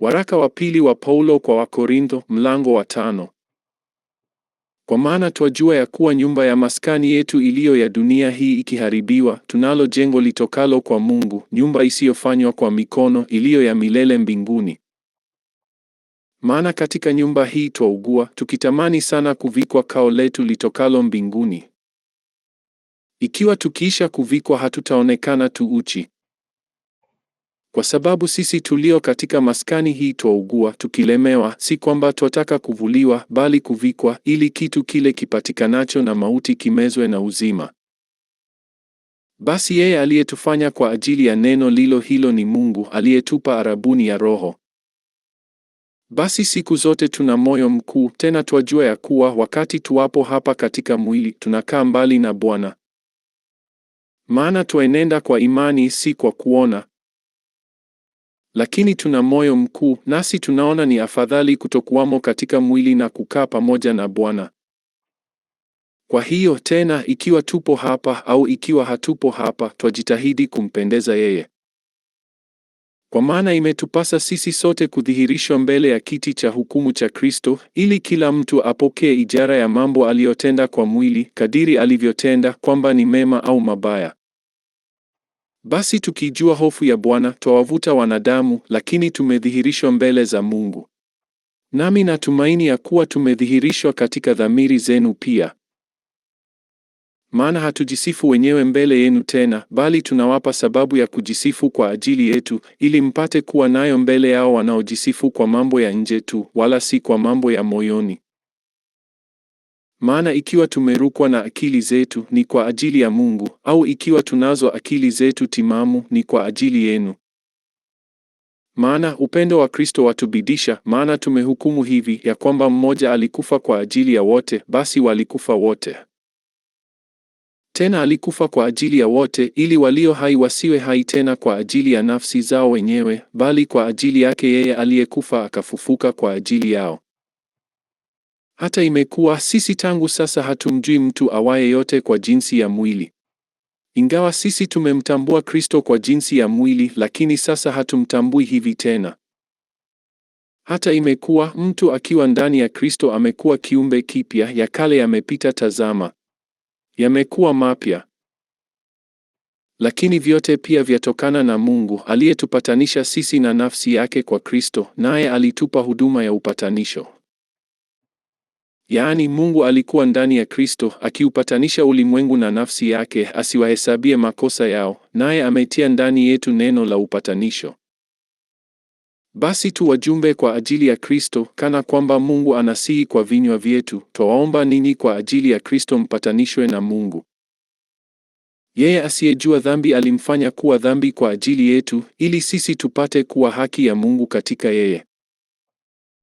Waraka wa pili wa Paulo kwa Wakorintho, mlango wa tano. Kwa maana twajua ya kuwa nyumba ya maskani yetu iliyo ya dunia hii ikiharibiwa, tunalo jengo litokalo kwa Mungu, nyumba isiyofanywa kwa mikono, iliyo ya milele mbinguni. Maana katika nyumba hii twaugua, tukitamani sana kuvikwa kao letu litokalo mbinguni. Ikiwa tukiisha kuvikwa, hatutaonekana tu uchi. Kwa sababu sisi tulio katika maskani hii twaugua tukilemewa, si kwamba twataka kuvuliwa, bali kuvikwa, ili kitu kile kipatikanacho na mauti kimezwe na uzima. Basi yeye aliyetufanya kwa ajili ya neno lilo hilo ni Mungu aliyetupa arabuni ya Roho. Basi siku zote tuna moyo mkuu, tena twajua ya kuwa wakati tuwapo hapa katika mwili tunakaa mbali na Bwana, maana twaenenda kwa imani, si kwa kuona lakini tuna moyo mkuu, nasi tunaona ni afadhali kutokuwamo katika mwili na kukaa pamoja na Bwana. Kwa hiyo tena, ikiwa tupo hapa au ikiwa hatupo hapa, twajitahidi kumpendeza yeye. Kwa maana imetupasa sisi sote kudhihirishwa mbele ya kiti cha hukumu cha Kristo, ili kila mtu apokee ijara ya mambo aliyotenda kwa mwili, kadiri alivyotenda, kwamba ni mema au mabaya. Basi tukijua hofu ya Bwana twawavuta wanadamu, lakini tumedhihirishwa mbele za Mungu. Nami natumaini ya kuwa tumedhihirishwa katika dhamiri zenu pia. Maana hatujisifu wenyewe mbele yenu tena, bali tunawapa sababu ya kujisifu kwa ajili yetu, ili mpate kuwa nayo mbele yao wanaojisifu kwa mambo ya nje tu, wala si kwa mambo ya moyoni. Maana ikiwa tumerukwa na akili zetu ni kwa ajili ya Mungu, au ikiwa tunazo akili zetu timamu ni kwa ajili yenu. Maana upendo wa Kristo watubidisha, maana tumehukumu hivi ya kwamba mmoja alikufa kwa ajili ya wote, basi walikufa wote. Tena alikufa kwa ajili ya wote, ili walio hai wasiwe hai tena kwa ajili ya nafsi zao wenyewe, bali kwa ajili yake yeye aliyekufa akafufuka kwa ajili yao. Hata imekuwa sisi tangu sasa hatumjui mtu awaye yote kwa jinsi ya mwili. Ingawa sisi tumemtambua Kristo kwa jinsi ya mwili, lakini sasa hatumtambui hivi tena. Hata imekuwa mtu akiwa ndani ya Kristo amekuwa kiumbe kipya, ya kale yamepita, tazama, yamekuwa mapya. Lakini vyote pia vyatokana na Mungu aliyetupatanisha sisi na nafsi yake kwa Kristo, naye alitupa huduma ya upatanisho. Yaani Mungu alikuwa ndani ya Kristo akiupatanisha ulimwengu na nafsi yake, asiwahesabie makosa yao, naye ametia ndani yetu neno la upatanisho. Basi tu wajumbe kwa ajili ya Kristo, kana kwamba Mungu anasihi kwa vinywa vyetu, twawaomba ninyi kwa ajili ya Kristo mpatanishwe na Mungu. Yeye asiyejua dhambi alimfanya kuwa dhambi kwa ajili yetu, ili sisi tupate kuwa haki ya Mungu katika yeye.